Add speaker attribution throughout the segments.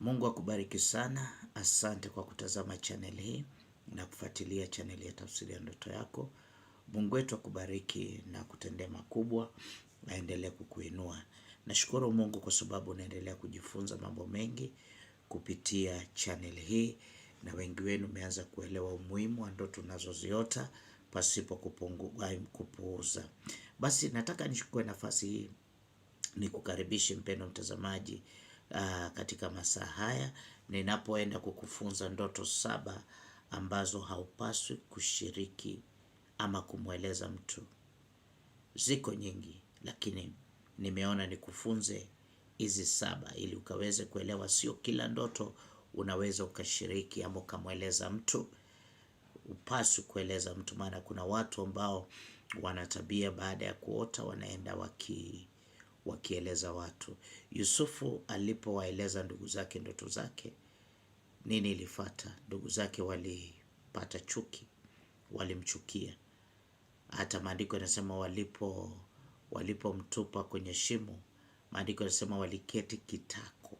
Speaker 1: Mungu akubariki sana. Asante kwa kutazama channel hii na kufuatilia channel ya Tafsiri ya Ndoto Yako. Mungu wetu akubariki na kutendea makubwa, aendelee kukuinua. Nashukuru Mungu kwa sababu unaendelea kujifunza mambo mengi kupitia channel hii, na wengi wenu umeanza kuelewa umuhimu wa ndoto unazoziota pasipo kupuuza. Basi nataka nichukue nafasi hii nikukaribishe mpendo mtazamaji uh, katika masaa haya ninapoenda kukufunza ndoto saba ambazo haupaswi kushiriki ama kumweleza mtu. Ziko nyingi, lakini nimeona nikufunze hizi saba ili ukaweze kuelewa. Sio kila ndoto unaweza ukashiriki ama ukamweleza mtu. Upaswi kueleza mtu, maana kuna watu ambao wana tabia, baada ya kuota wanaenda waki wakieleza watu. Yusufu alipowaeleza ndugu zake ndoto zake, nini ilifata? Ndugu zake walipata chuki, walimchukia. Hata maandiko yanasema walipo walipomtupa kwenye shimo, maandiko yanasema waliketi kitako,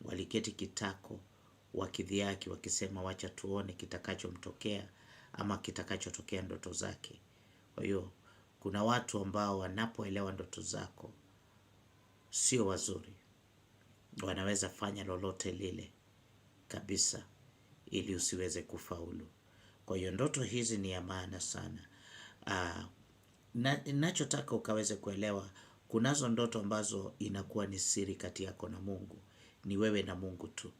Speaker 1: waliketi kitako wakidhiaki, wakisema wacha tuone kitakachomtokea ama kitakachotokea ndoto zake. Kwa hiyo kuna watu ambao wanapoelewa ndoto zako sio wazuri, wanaweza fanya lolote lile kabisa ili usiweze kufaulu. Kwa hiyo ndoto hizi ni ya maana sana. Aa, ah, na ninachotaka ukaweze kuelewa, kunazo ndoto ambazo inakuwa ni siri kati yako na Mungu, ni wewe na Mungu tu,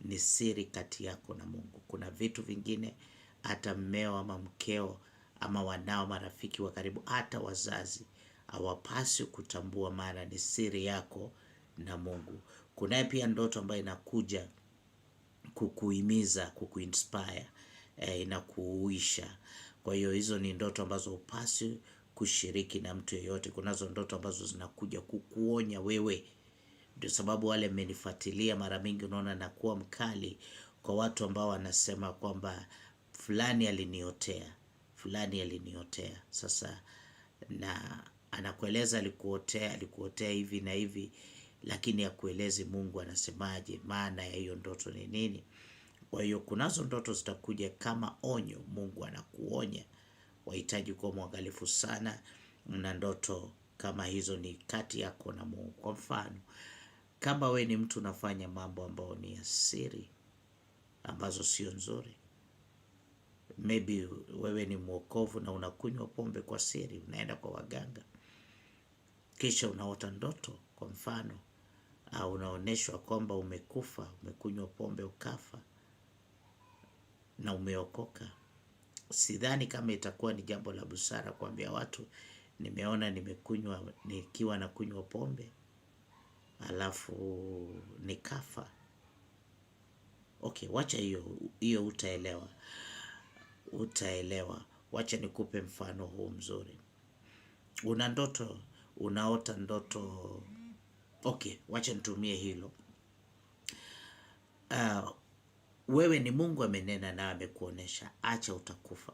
Speaker 1: ni siri kati yako na Mungu. Kuna vitu vingine hata mmeo ama mkeo ama wanao, marafiki wa karibu, hata wazazi hawapaswi kutambua, maana ni siri yako na Mungu. Kunaye pia ndoto ambayo inakuja kukuhimiza, kukuinspire, eh, inakuuisha. Kwa hiyo hizo ni ndoto ambazo hupaswi kushiriki na mtu yeyote. Kunazo ndoto ambazo zinakuja kukuonya wewe. Ndio sababu wale mmenifuatilia mara mingi, unaona nakuwa mkali kwa watu ambao wanasema kwamba fulani aliniotea, fulani aliniotea. Sasa na anakueleza alikuotea, alikuotea hivi na hivi, lakini akuelezi Mungu anasemaje, maana ya hiyo ndoto ni nini. Kwa hiyo kunazo ndoto zitakuja kama onyo, Mungu anakuonya. Wahitaji kuwa mwangalifu sana, mna ndoto kama hizo, ni kati yako na Mungu. Kwa mfano, kama we ni mtu unafanya mambo ambayo ni ya siri, ambazo sio nzuri Maybe wewe ni mwokovu na unakunywa pombe kwa siri, unaenda kwa waganga, kisha unaota ndoto kwa mfano au unaonyeshwa kwamba umekufa, umekunywa pombe ukafa na umeokoka, sidhani kama itakuwa ni jambo la busara kuambia watu nimeona nimekunywa nikiwa na kunywa pombe alafu nikafa. Okay, wacha hiyo hiyo, utaelewa utaelewa. Wacha nikupe mfano huu mzuri. Una ndoto unaota ndoto. Okay, wacha nitumie hilo. Uh, wewe ni Mungu amenena na amekuonesha, acha utakufa.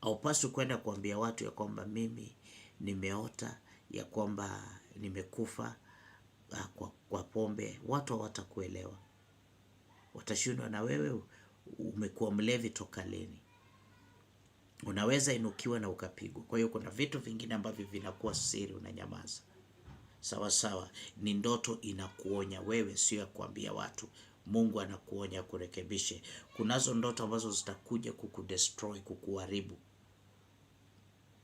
Speaker 1: Haupaswi kwenda kuambia watu ya kwamba mimi nimeota ya kwamba nimekufa uh, kwa, kwa pombe. Watu hawatakuelewa, watashindwa na wewe umekuwa mlevi toka lini? Unaweza inukiwa na ukapigwa. Kwa hiyo kuna vitu vingine ambavyo vinakuwa siri, unanyamaza. Sawa sawa, ni ndoto inakuonya wewe, sio ya kuambia watu. Mungu anakuonya kurekebishe Kunazo ndoto ambazo zitakuja kukudestroy, kukuharibu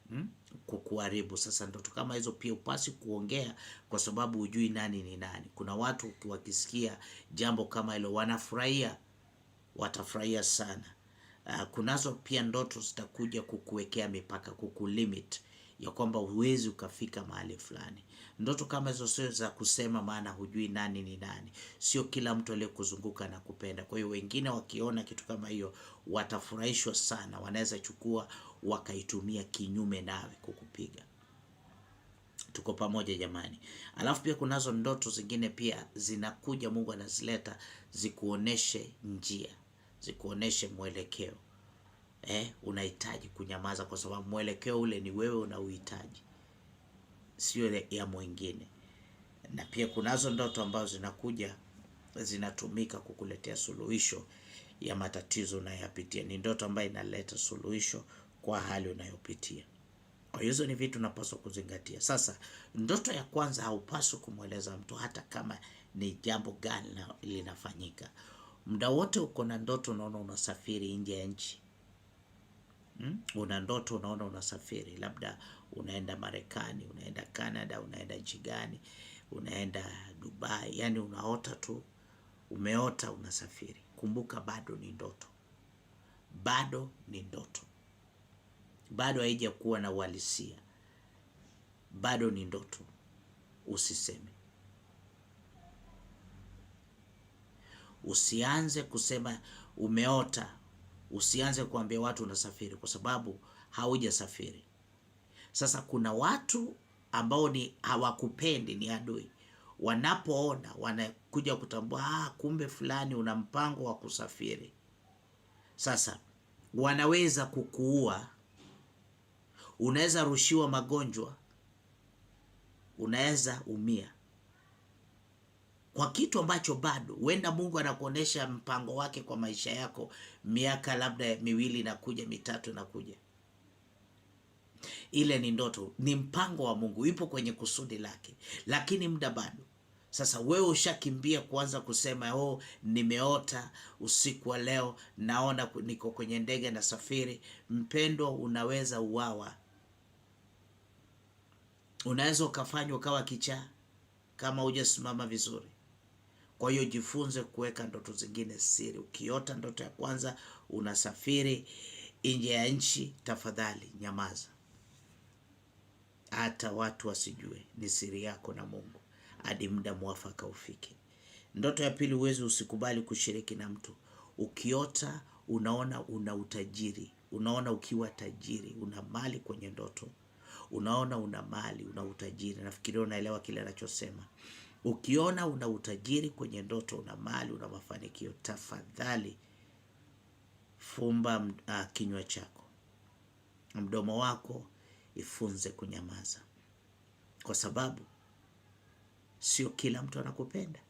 Speaker 1: Hmm? Kukuharibu. Sasa ndoto kama hizo pia upasi kuongea, kwa sababu hujui nani ni nani. Kuna watu wakisikia jambo kama hilo wanafurahia, watafurahia sana, uh, kunazo pia ndoto zitakuja kukuwekea mipaka, kukulimit ya kwamba huwezi ukafika mahali fulani. Ndoto kama hizo sio za kusema, maana hujui nani ni nani, sio kila mtu aliyekuzunguka na kupenda. Kwa hiyo wengine wakiona kitu kama hiyo watafurahishwa sana, wanaweza chukua wakaitumia kinyume nawe kukupiga. Tuko pamoja jamani. Alafu pia kunazo ndoto zingine pia zinakuja, Mungu anazileta zikuoneshe njia zikuoneshe mwelekeo eh. Unahitaji kunyamaza kwa sababu mwelekeo ule ni wewe unauhitaji, sio ya mwingine. Na pia kunazo ndoto ambazo zinakuja zinatumika kukuletea suluhisho ya matatizo unayoyapitia. Ni ndoto ambayo inaleta suluhisho kwa hali unayopitia. Kwa hiyo hizo ni vitu unapaswa kuzingatia. Sasa ndoto ya kwanza haupaswi kumweleza mtu hata kama ni jambo gani linafanyika muda wote uko na ndoto, unaona unasafiri nje ya nchi hmm? Una ndoto unaona unasafiri, labda unaenda Marekani, unaenda Canada, unaenda nchi gani, unaenda Dubai, yani unaota tu, umeota unasafiri. Kumbuka bado ni ndoto, bado ni ndoto, bado haija kuwa na uhalisia, bado ni ndoto. Usiseme. Usianze kusema umeota, usianze kuambia watu unasafiri kwa sababu haujasafiri. Sasa kuna watu ambao ni hawakupendi, ni adui. Wanapoona wanakuja kutambua, ah, kumbe fulani una mpango wa kusafiri. Sasa wanaweza kukuua, unaweza rushiwa magonjwa, unaweza umia kwa kitu ambacho bado huenda Mungu anakuonesha mpango wake kwa maisha yako miaka labda miwili inakuja mitatu inakuja. Ile ni ndoto, ni mpango wa Mungu, ipo kwenye kusudi lake, lakini muda bado. Sasa wewe ushakimbia kuanza kusema oh, nimeota usiku wa leo, naona niko kwenye ndege na safiri. Mpendwa, unaweza uwawa, unaweza ukafanywa ukawa kichaa kama hujasimama vizuri. Kwa hiyo jifunze kuweka ndoto zingine siri. Ukiota ndoto ya kwanza unasafiri nje ya nchi, tafadhali nyamaza, hata watu wasijue, ni siri yako na Mungu hadi muda mwafaka ufike. Ndoto ya pili, uwezi usikubali kushiriki na mtu. Ukiota unaona una utajiri, unaona ukiwa tajiri, una mali kwenye ndoto, unaona una mali, una utajiri, nafikiri unaelewa kile anachosema. Ukiona una utajiri kwenye ndoto, una mali, una mafanikio, tafadhali fumba uh, kinywa chako, mdomo wako, ifunze kunyamaza, kwa sababu sio kila mtu anakupenda,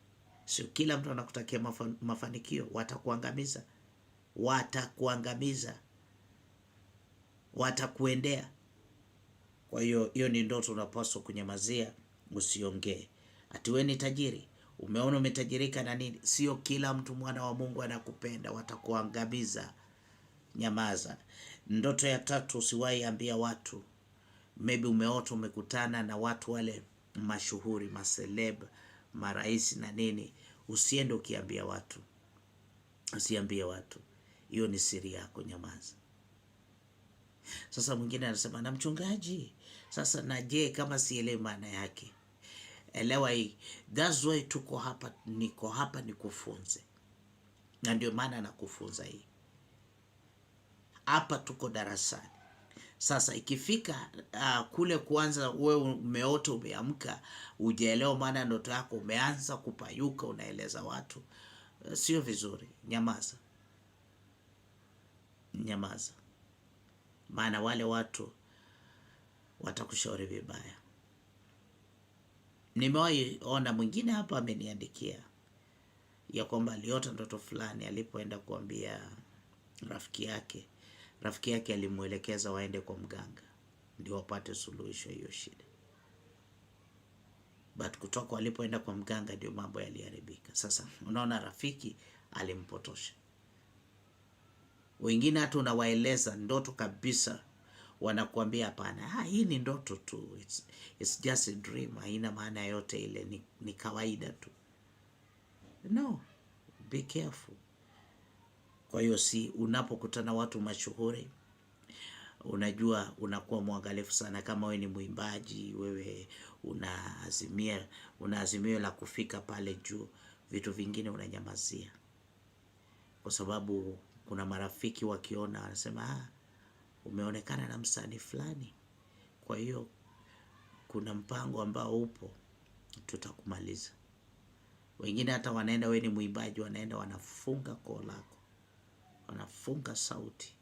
Speaker 1: sio kila mtu anakutakia mafa, mafanikio. Watakuangamiza, watakuangamiza, watakuendea. Kwa hiyo hiyo ni ndoto unapaswa kunyamazia, usiongee atiweni tajiri. Umeona umetajirika na nini? Sio kila mtu mwana wa Mungu anakupenda, watakuangamiza. Nyamaza. Ndoto ya tatu, usiwahi ambia watu. Maybe umeota umekutana na watu wale mashuhuri, maseleb, marais na nini, usiende ukiambia watu, usiambie watu, hiyo ni siri yako, nyamaza. Sasa mwingine anasema na mchungaji, sasa je, kama sielewi maana yake Elewa hii, that's why tuko hapa, niko hapa nikufunze, na ndio maana nakufunza hii hapa. Tuko darasani sasa. Ikifika uh, kule kuanza, we umeota, umeamka, ujaelewa maana ndoto yako, umeanza kupayuka, unaeleza watu uh, sio vizuri. Nyamaza, nyamaza, maana wale watu watakushauri vibaya. Nimewahi ona mwingine hapa ameniandikia ya kwamba aliota ndoto fulani alipoenda kuambia rafiki yake, rafiki yake alimwelekeza waende kwa mganga ndio wapate suluhisho hiyo shida, but kutoka walipoenda kwa mganga ndio mambo yaliharibika. Sasa unaona, rafiki alimpotosha. Wengine hata unawaeleza ndoto kabisa wanakuambia hapana, ha, ah, hii ni ndoto tu, it's, it's just a dream, haina maana yote ile, ni, ni kawaida tu. No, be careful. Kwa hiyo si unapokutana watu mashuhuri unajua unakuwa mwangalifu sana. Kama wewe ni mwimbaji, wewe unaazimia una azimio la kufika pale juu, vitu vingine unanyamazia, kwa sababu kuna marafiki wakiona wanasema ah, umeonekana na msanii fulani, kwa hiyo kuna mpango ambao upo, tutakumaliza. Wengine hata wanaenda, we ni mwimbaji, wanaenda wanafunga koo lako, wanafunga sauti.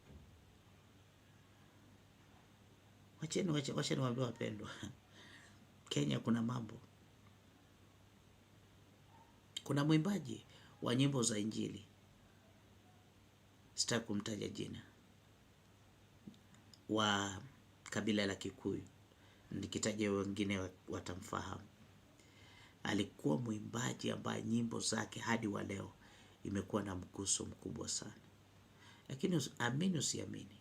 Speaker 1: Wacheni, wacheni waambie wapendwa, Kenya kuna mambo. Kuna mwimbaji wa nyimbo za Injili, sitaki kumtaja jina wa kabila la Kikuyu, nikitaja wengine watamfahamu. Alikuwa mwimbaji ambaye nyimbo zake hadi wa leo imekuwa na mguso mkubwa sana, lakini amini usiamini,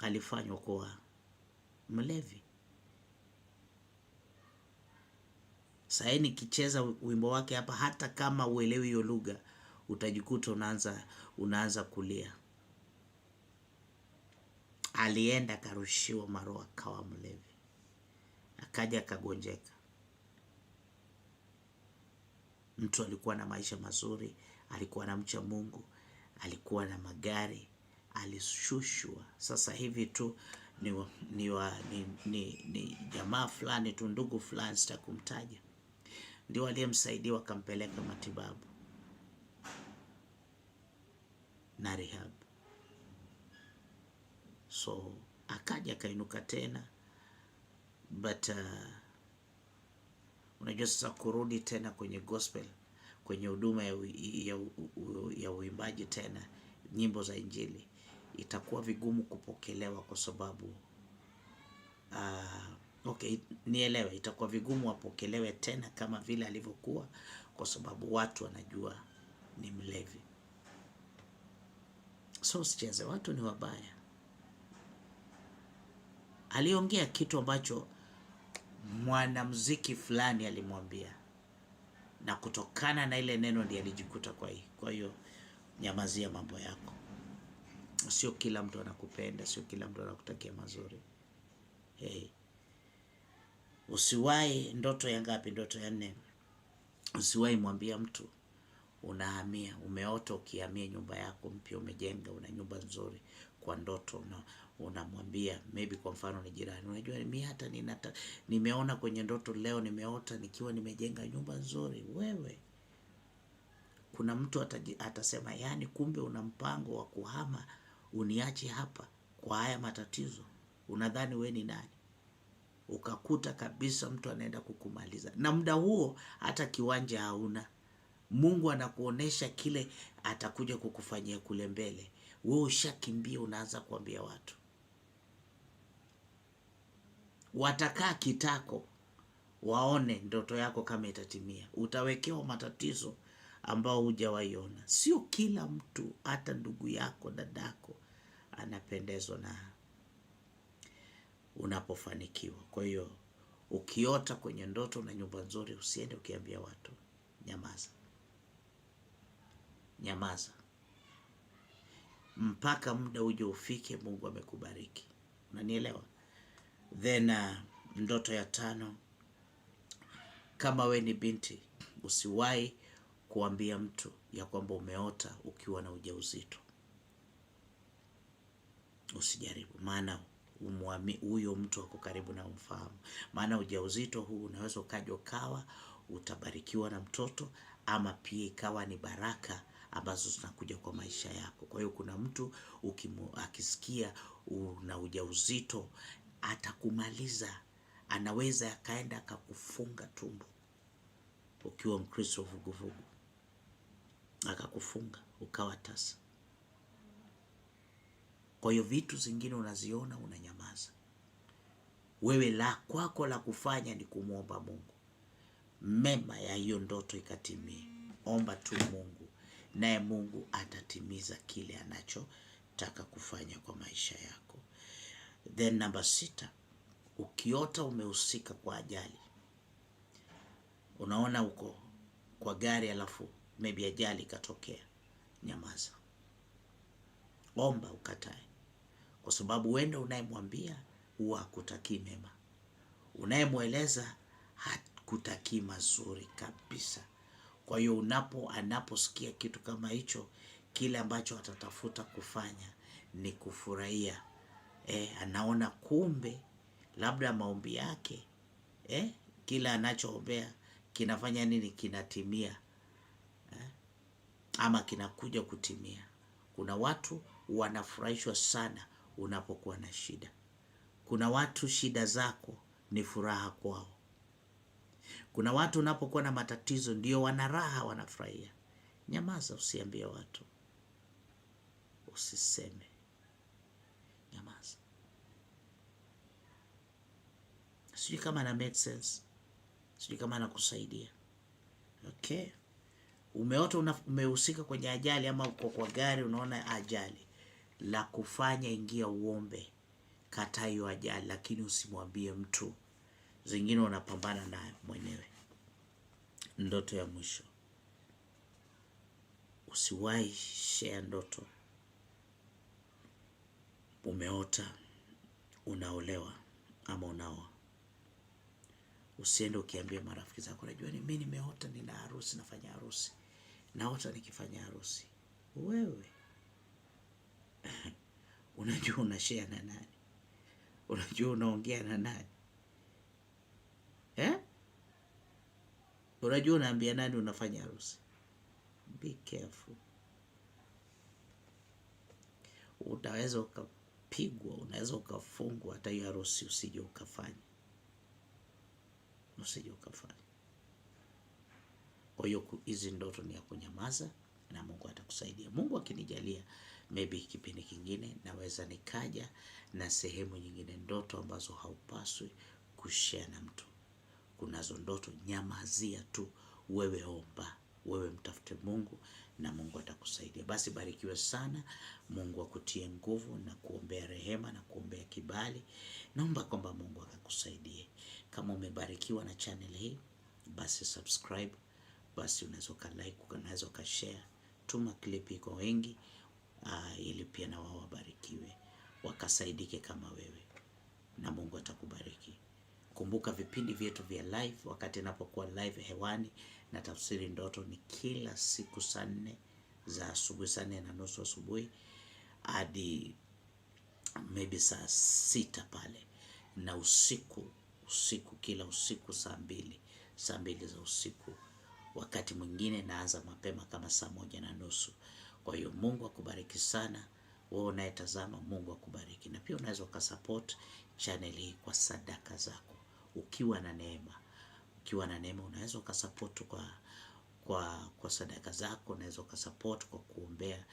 Speaker 1: alifanywa kuwa mlevi. Sasa nikicheza wimbo wake hapa, hata kama uelewi hiyo lugha, utajikuta unaanza unaanza kulia alienda akarushiwa marua akawa mlevi, akaja akagonjeka. Mtu alikuwa na maisha mazuri, alikuwa na mcha Mungu, alikuwa na magari, alishushwa. Sasa hivi tu ni, ni, ni, ni, ni jamaa fulani tu, ndugu fulani, sitakumtaja, ndio aliyemsaidia wakampeleka matibabu na rehab so akaja akainuka tena but uh, unajua sasa kurudi tena kwenye gospel kwenye huduma ya, ya, ya uimbaji tena nyimbo za Injili itakuwa vigumu kupokelewa kwa sababu uh, okay, nielewe, itakuwa vigumu apokelewe tena kama vile alivyokuwa, kwa sababu watu wanajua ni mlevi. So sicheze, watu ni wabaya aliongea kitu ambacho mwanamuziki fulani alimwambia, na kutokana na ile neno ndiye alijikuta kwa hii. Kwa hiyo nyamazia mambo yako, sio kila mtu anakupenda, sio kila mtu anakutakia mazuri. Hey. Usiwahi, ndoto ya ngapi? Ndoto ya nne. Usiwahi mwambia mtu unahamia, umeota ukihamia nyumba yako mpya umejenga, una nyumba nzuri kwa ndoto na unamwambia maybe, kwa mfano ni jirani, unajua mimi hata ninata, nimeona kwenye ndoto leo, nimeota nikiwa nimejenga nyumba nzuri. Wewe kuna mtu ataji, atasema yani, kumbe una mpango wa kuhama uniache hapa kwa haya matatizo. Unadhani we ni nani? Ukakuta kabisa mtu anaenda kukumaliza, na muda huo hata kiwanja hauna. Mungu anakuonesha kile atakuja kukufanyia kule mbele, we ushakimbia, unaanza kuambia watu watakaa kitako waone ndoto yako kama itatimia. Utawekewa matatizo ambao hujawaiona. Sio kila mtu, hata ndugu yako, dadako anapendezwa na unapofanikiwa. Kwa hiyo ukiota kwenye ndoto na nyumba nzuri, usiende ukiambia watu, nyamaza, nyamaza mpaka muda uje ufike, Mungu amekubariki. Unanielewa? Then uh, ndoto ya tano, kama we ni binti, usiwahi kuambia mtu ya kwamba umeota ukiwa na ujauzito. Usijaribu, maana huyo mtu ako karibu na umfahamu, maana ujauzito huu unaweza ukaja ukawa utabarikiwa na mtoto ama pia ikawa ni baraka ambazo zinakuja kwa maisha yako. Kwa hiyo kuna mtu ukimu, akisikia una ujauzito atakumaliza, anaweza akaenda akakufunga tumbo ukiwa Mkristo vuguvugu, akakufunga ukawa tasa. Kwa hiyo vitu zingine unaziona unanyamaza. Wewe la kwako la kufanya ni kumwomba Mungu mema ya hiyo ndoto ikatimie. Omba tu Mungu, naye Mungu atatimiza kile anachotaka kufanya kwa maisha yako. Then namba sita, ukiota umehusika kwa ajali, unaona uko kwa gari alafu maybe ajali ikatokea, nyamaza, omba, ukatae, kwa sababu wenda unayemwambia huwa hakutakii mema, unayemweleza hakutakii mazuri kabisa. Kwa hiyo unapo anaposikia kitu kama hicho, kile ambacho atatafuta kufanya ni kufurahia eh, anaona kumbe labda maombi yake eh, kila anachoombea kinafanya nini? Kinatimia eh, ama kinakuja kutimia. Kuna watu wanafurahishwa sana unapokuwa na shida. Kuna watu shida zako ni furaha kwao. Kuna watu unapokuwa na matatizo ndio wana raha, wanafurahia. Nyamaza, usiambie watu, usiseme. Nyamaza. Sijui kama na make sense, sijui kama nakusaidia. Okay, umeota umehusika kwenye ajali ama uko kwa gari unaona ajali, la kufanya ingia uombe, kata hiyo ajali, lakini usimwambie mtu. Zingine unapambana nayo mwenyewe. Ndoto ya mwisho, usiwahi share ndoto umeota, unaolewa ama unaoa, usiende ukiambia marafiki zako, najua mimi nimeota, nina harusi, nafanya harusi, naota nikifanya harusi. Wewe unajua unashare na nani? Unajua unaongea na nani eh? Unajua unaambia nani unafanya harusi? Be careful, utaweza ukapigwa, unaweza ukafungwa, hata hiyo harusi usije ukafanya, usije ukafanya. Kwa hiyo hizi ndoto ni ya kunyamaza na Mungu atakusaidia. Mungu akinijalia, maybe kipindi kingine naweza nikaja na sehemu nyingine, ndoto ambazo haupaswi kushare na mtu. Kunazo ndoto, nyamazia tu, wewe omba, wewe mtafute Mungu na Mungu atakusaidia. Basi barikiwe sana, Mungu akutie nguvu na kuombea rehema na kuombea kibali. Naomba kwamba Mungu akakusaidie. Kama umebarikiwa na channel hii, basi subscribe, basi unaweza ka like, unaweza ka share, tuma clip kwa wengi uh, ili pia na wao wabarikiwe wakasaidike kama wewe, na Mungu atakubariki. Kumbuka vipindi vyetu vya live, wakati inapokuwa live hewani na tafsiri ndoto ni kila siku saa nne za asubuhi, saa nne na nusu asubuhi hadi maybe saa sita pale, na usiku usiku, kila usiku saa mbili saa mbili za usiku. Wakati mwingine naanza mapema kama saa moja na nusu. Kwa hiyo Mungu akubariki sana wewe unayetazama, Mungu akubariki, na pia unaweza ukasupport channel hii kwa sadaka zako ukiwa na neema ukiwa na neema unaweza ukasupport kwa, kwa, kwa sadaka zako, unaweza ukasupport kwa kuombea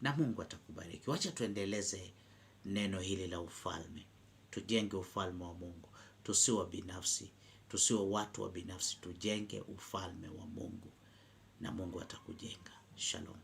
Speaker 1: na Mungu atakubariki. Wacha tuendeleze neno hili la ufalme, tujenge ufalme wa Mungu, tusiwe binafsi, tusiwe watu wa binafsi, tujenge ufalme wa Mungu na Mungu atakujenga. Shalom.